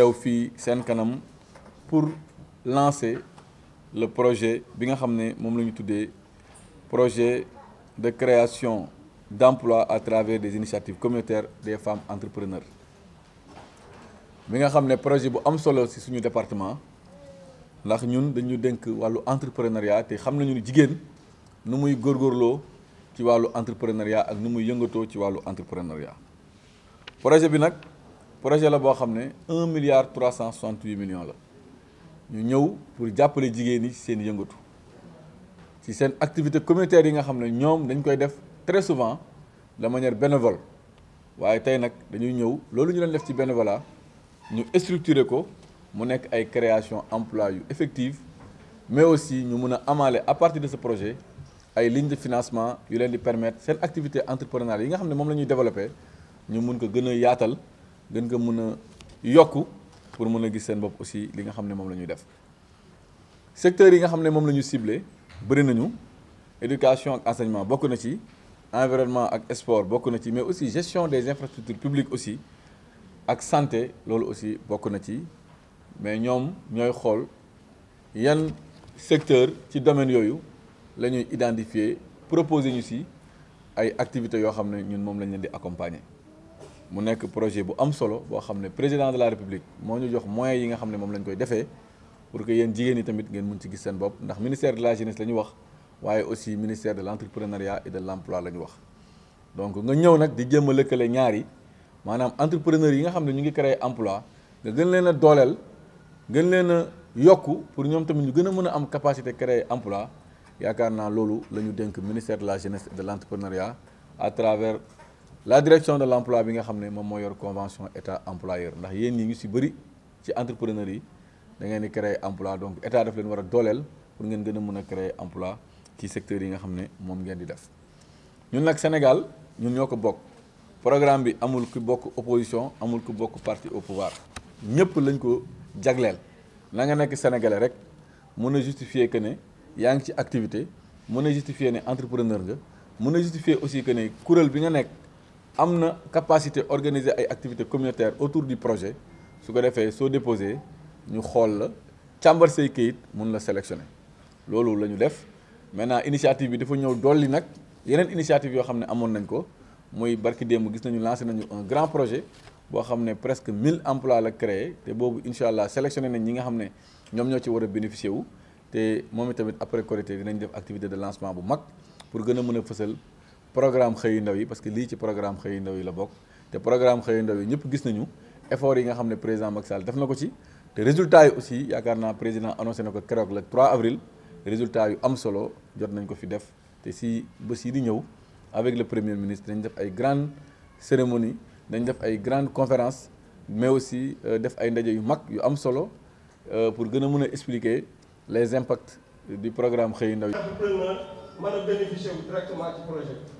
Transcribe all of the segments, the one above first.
teew fii seen kanam pour lancer le projet bi nga xam projet de création d'emplois à travers des initiatives communautaires des femmes entrepreneurs bi nga xam projet bu am solo ci suñu département ndax ñun dañu dénk wàllu entrepreneuriat te xam nañu jigéen nu muy góorgóorloo ci walu entrepreneuriat ak nous muy ci walu entrepreneuriat projet bi nak projet la boo xam ne un milliard trois cent soixante-huit millions là ñu ñëw pour jàppale jigéen ñi seen yëngatu ci seen activité communautaire yi nga xamné ñom dañ koy def très souvent de manière bénévole waye tay nak dañuy ñëw lolu ñu leen def ci bénévolat ñu structurer ko mu nekk ay création emploi yu effective mais aussi ñu mëna amalé à partir de ce projet ay lignes de financement yu leen di permettre seen activité entrepreneuriale yi nga xamné mom lañuy développer ñu mun ko gëna a yaatal gën nga mën a yokku pour mën a gis seen bopp aussi li nga xam ne moom la ñuy def secteurs yi nga xam ne moom la ñu ciblé bëri nañu éducation ak enseignement bokk na ci environnement ak sport bokk na ci mais aussi gestion des infrastructures publiques aussi ak santé loolu aussi bokk na ci mais ñoom ñooy xool yan secteur ci domaine yooyu la ñuy identifier proposer ñu si ay activités yoo xam ne ñun moom lañ leen di accompagner mu nekk projet bu am solo boo xam ne président de la république moo ñu jox moyens yi nga xam ne moom lañ koy defee pour que yéen jigéen ñi tamit ngeen mun ci gis seen bopp ndax ministère de la jeunesse la wax waaye aussi ministère de l' entrepreneuriat et de l' emploi la ñu wax. donc nga ñëw nag di jéem a lëkkale ñaari maanaam entrepreneur yi nga xam ne ñu ngi créer emploi nga gën leen a dooleel gën leen a yokku pour ñoom tamit ñu gën a mën a am capacité créer emploi yaakaar naa loolu la ñu dénk ministère de la jeunesse de l' entrepreneuriat à travers. la direction de l'emploi bi nga xamné mom mo yor convention état employeur ndax yeen ñi ñu ci bëri ci entrepreneur yi da ngay di créer emploi donc état daf leen wara a pour ngeen gëna mëna créer emploi ci secteur yi nga xamné mom ngeen di def ñun nak Sénégal ñun ñoko bok programme bi amul ku bok opposition amul ku bok parti au pouvoir ñëpp lañ ko jagleel la nga nekk sénégalais rek mëna justifier que ne yaa ngi ci activité mëna justifier ne entrepreneur nga mëna justifier aussi que ne kuréel bi nga nekk amna capacité organiser ay activités communautaires autour du projet su ko defee so déposé ñu xol la chamber sey keuyit mën la sélectionner lolu lañu def maintenant initiative bi dafa ñëw doli nak yeneen initiative yo xam amon nañ ko muy barki dembu gis nañu lancer nañu un grand projet bo xam presque 1000 emplois la créer. te bobu inshallah sélectionner nañ ñi nga xam ñom ñoo ci wara bénéficier wu té momi tamit après Korité dinañ def activité de lancement bu mag pour gëna mëna fessel programme xëyu ndaw yi parce que lii ci programme xëyu ndaw yi la bokk te programme xëyu ndaw yi ñëpp gis nañu effort yi nga xam ne président Macky Sall def na ko ci te résultat yi aussi yaakaar naa président annoncé na ko le 3 avril résultat yu am solo jot nañ ko fi def te si bés yi di avec le premier ministre dañ def ay grandes cérémonies dañ def ay grandes conférences mais aussi euh, def ay ndaje yu mag yu am solo euh, pour gën a mën expliquer les impacts du programme xëyu ndaw yi. bénéficier directement ci projet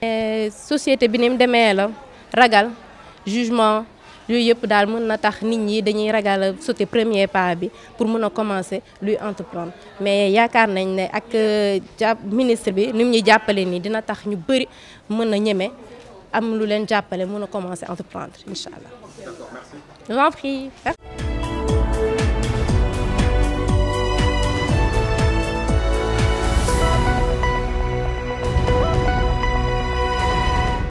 Eh, société bi ni démé la ragal jugement yooyu yëpp dal mën na tax nit ñi dañuy ragal sauter premier pas bi pour mëna commencer luy entreprendre mais yaakar nañ ne ak euh, jàpp ministre bi nim ñi jappalé ni dina tax ñu bëri mëna ñëmé am lu leen jappalé mëna commencer entreprendre inshallah D'accord, merci.